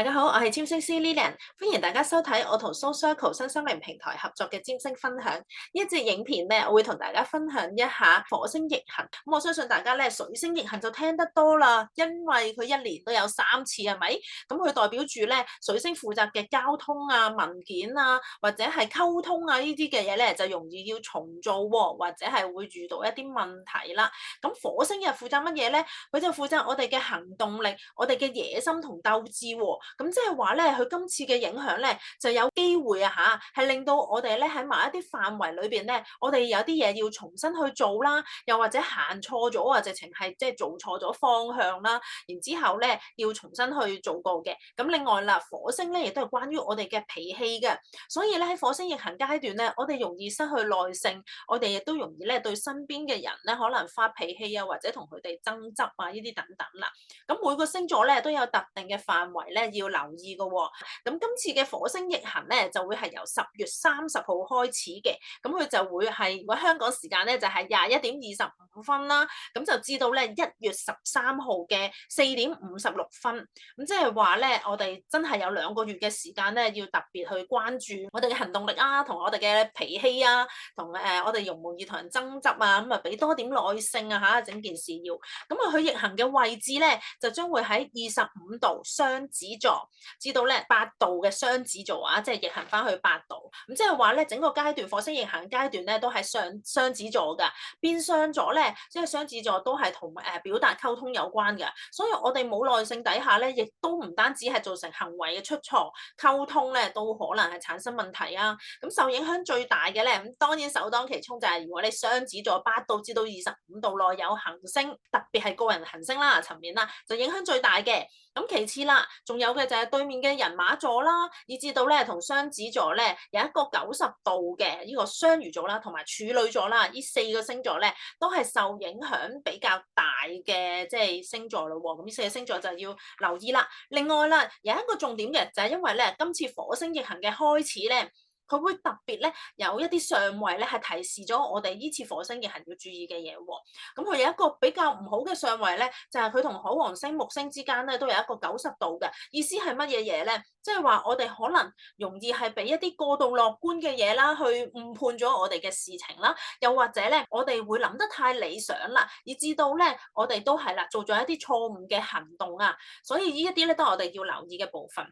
大家好，我係占星師 Lilian 歡迎大家收睇我同 Soul Circle 新生命平台合作嘅占星分享。呢一節影片咧，我會同大家分享一下火星逆行。咁我相信大家咧，水星逆行就聽得多啦，因為佢一年都有三次，係咪？咁佢代表住咧，水星負責嘅交通啊、文件啊，或者係溝通啊呢啲嘅嘢咧，就容易要重做，啊，或者係會遇到一啲問題啦，啊。咁火星又負責乜嘢咧？佢就負責我哋嘅行動力、我哋嘅野心同鬥志喎，啊。咁即係話咧，佢今次嘅影響咧，就有機會啊嚇，係令到我哋咧喺某一啲範圍裏邊咧，我哋有啲嘢要重新去做啦，又或者行錯咗啊，直情係即係做錯咗方向啦，然之後咧要重新去做過嘅。咁另外啦，火星咧亦都係關於我哋嘅脾氣嘅，所以咧喺火星逆行階段咧，我哋容易失去耐性，我哋亦都容易咧對身邊嘅人咧可能發脾氣啊，或者同佢哋爭執啊呢啲等等啦。咁每個星座咧都有特定嘅範圍咧要要留意嘅，哦，咁今次嘅火星逆行咧，就會係由十月三十號開始嘅，咁佢就會係如果香港時間咧，就係廿一點二十五分啦，咁就知道咧一月十三號嘅四點五十六分，咁即係話咧我哋真係有兩個月嘅時間咧要特別去關注我哋嘅行動力啊，同我哋嘅脾氣啊，同誒我哋容唔容易同人爭執啊，咁啊俾多點耐性啊吓，整件事要，咁啊佢逆行嘅位置咧就將會喺二十五度雙子座，至到咧八度嘅雙子座啊，即係逆行翻去八度，咁即係話咧整個階段火星逆行階段咧都係雙雙，雙子座噶，變雙座咧。即係雙子座都係同誒表達溝通有關嘅，所以我哋冇耐性底下咧，亦都唔單止係造成行為嘅出錯，溝通咧都可能係產生問題啊！咁受影響最大嘅咧，咁當然首當其衝就係、係、如果你雙子座八度至到二十五度內有行星，特別係個人行星啦層面啦，就影響最大嘅。咁其次啦，仲有嘅就係對面嘅人馬座啦，以至到咧同雙子座咧有一個九十度嘅呢個雙魚座啦，同埋處女座啦，呢四個星座咧都係受影響比較大嘅即係星座咯。咁呢四個星座就要留意啦。另外啦，有一個重點嘅就係因為咧今次火星逆行嘅開始咧。佢會特別咧，有一啲相位咧，係提示咗我哋呢次火星逆行要注意嘅嘢喎。咁佢有一個比較唔好嘅相位咧，就係佢同海王星、木星之間咧，都有一個九十度嘅意思係乜嘢嘢咧？即係話我哋可能容易係俾一啲過度樂觀嘅嘢啦，去誤判咗我哋嘅事情啦。又或者咧，我哋會諗得太理想啦，以至到咧，我哋都係啦，做咗一啲錯誤嘅行動啊。所以呢一啲咧，都係我哋要留意嘅部分。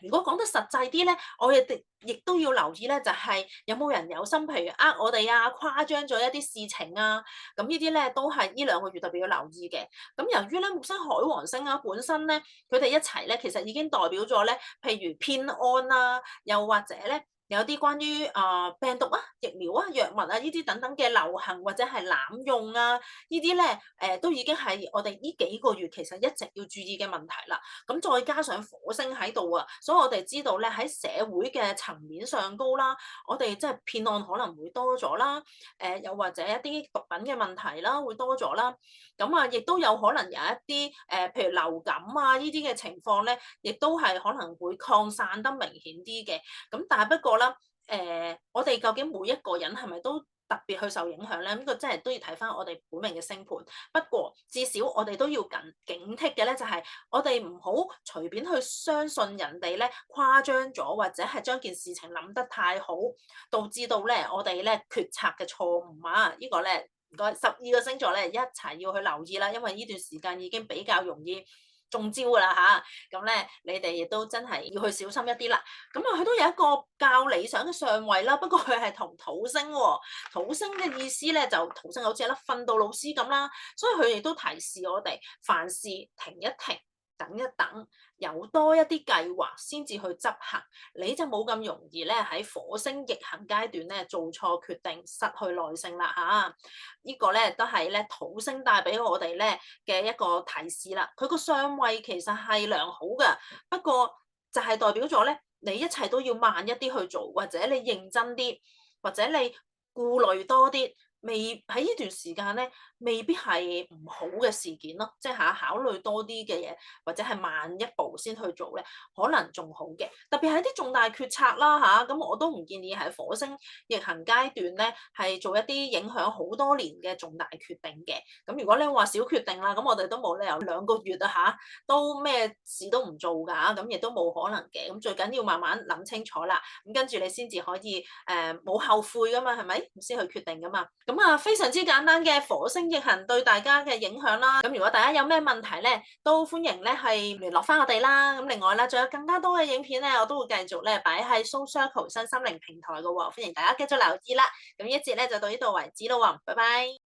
如果講得實際啲咧，我亦亦都要留意咧，就係、是、有冇人有心譬如呃我哋啊，誇張咗一啲事情啊，咁呢啲咧都係呢兩個月特別要留意嘅。咁由於咧，木星海王星啊，本身咧佢哋一齊咧，其實已經代表咗咧，譬如偏安啦、啊，又或者咧。有啲關於啊病毒啊疫苗啊藥物啊呢啲等等嘅流行或者係濫用啊呢啲咧誒都已經係我哋呢幾個月其實一直要注意嘅問題啦。咁再加上火星喺度啊，所以我哋知道咧喺社會嘅層面上高啦，我哋即係騙案可能會多咗啦。誒、呃、又或者一啲毒品嘅問題啦會多咗啦。咁啊亦都有可能有一啲誒、呃、譬如流感啊呢啲嘅情況咧，亦都係可能會擴散得明顯啲嘅。咁但係不過。啦，誒、呃，我哋究竟每一個人係咪都特別去受影響咧？呢、這個真係都要睇返我哋本命嘅星盤。不過至少我哋都要緊警惕嘅咧，就係、是、我哋唔好隨便去相信人哋咧，誇張咗或者係將件事情諗得太好，導致到咧我哋咧決策嘅錯誤啊！這個、呢個咧個十二個星座咧一齊要去留意啦，因為呢段時間已經比較容易。中招啦吓，咁、啊、咧你哋亦都真係要去小心一啲啦。咁啊，佢都有一個較理想嘅相位啦，不過佢係同土星喎、啊。土星嘅意思咧就土星好似係啦訓導老師咁啦，所以佢亦都提示我哋凡事停一停。等一等，有多一啲計劃先至去執行，你就冇咁容易咧喺火星逆行階段咧做錯決定，失去耐性啦嚇！依、啊，這個咧都係咧土星帶俾我哋咧嘅一個提示啦。佢個相位其實係良好嘅，不過就係代表咗咧你一切都要慢一啲去做，或者你認真啲，或者你顧慮多啲。未喺呢段時間咧，未必係唔好嘅事件咯，即係嚇、啊、考慮多啲嘅嘢，或者係慢一步先去做咧，可能仲好嘅。特別係一啲重大決策啦吓，咁、啊、我都唔建議喺火星逆行階段咧，係做一啲影響好多年嘅重大決定嘅。咁、啊、如果你話小決定啦，咁我哋都冇理由兩個月啊嚇、啊、都咩事都唔做㗎，咁、啊、亦都冇可能嘅。咁、啊、最緊要慢慢諗清楚啦，咁、啊、跟住你先至可以誒冇、呃、後悔㗎嘛，係咪先去決定㗎嘛？咁咁啊，非常之簡單嘅火星逆行對大家嘅影響啦。咁如果大家有咩問題咧，都歡迎咧係聯絡返我哋啦。咁另外咧，仲有更加多嘅影片咧，我都會繼續咧擺喺 Soul Circle 身心靈平台嘅喎，歡迎大家繼續留意啦。咁一節咧就到呢度為止咯。拜拜。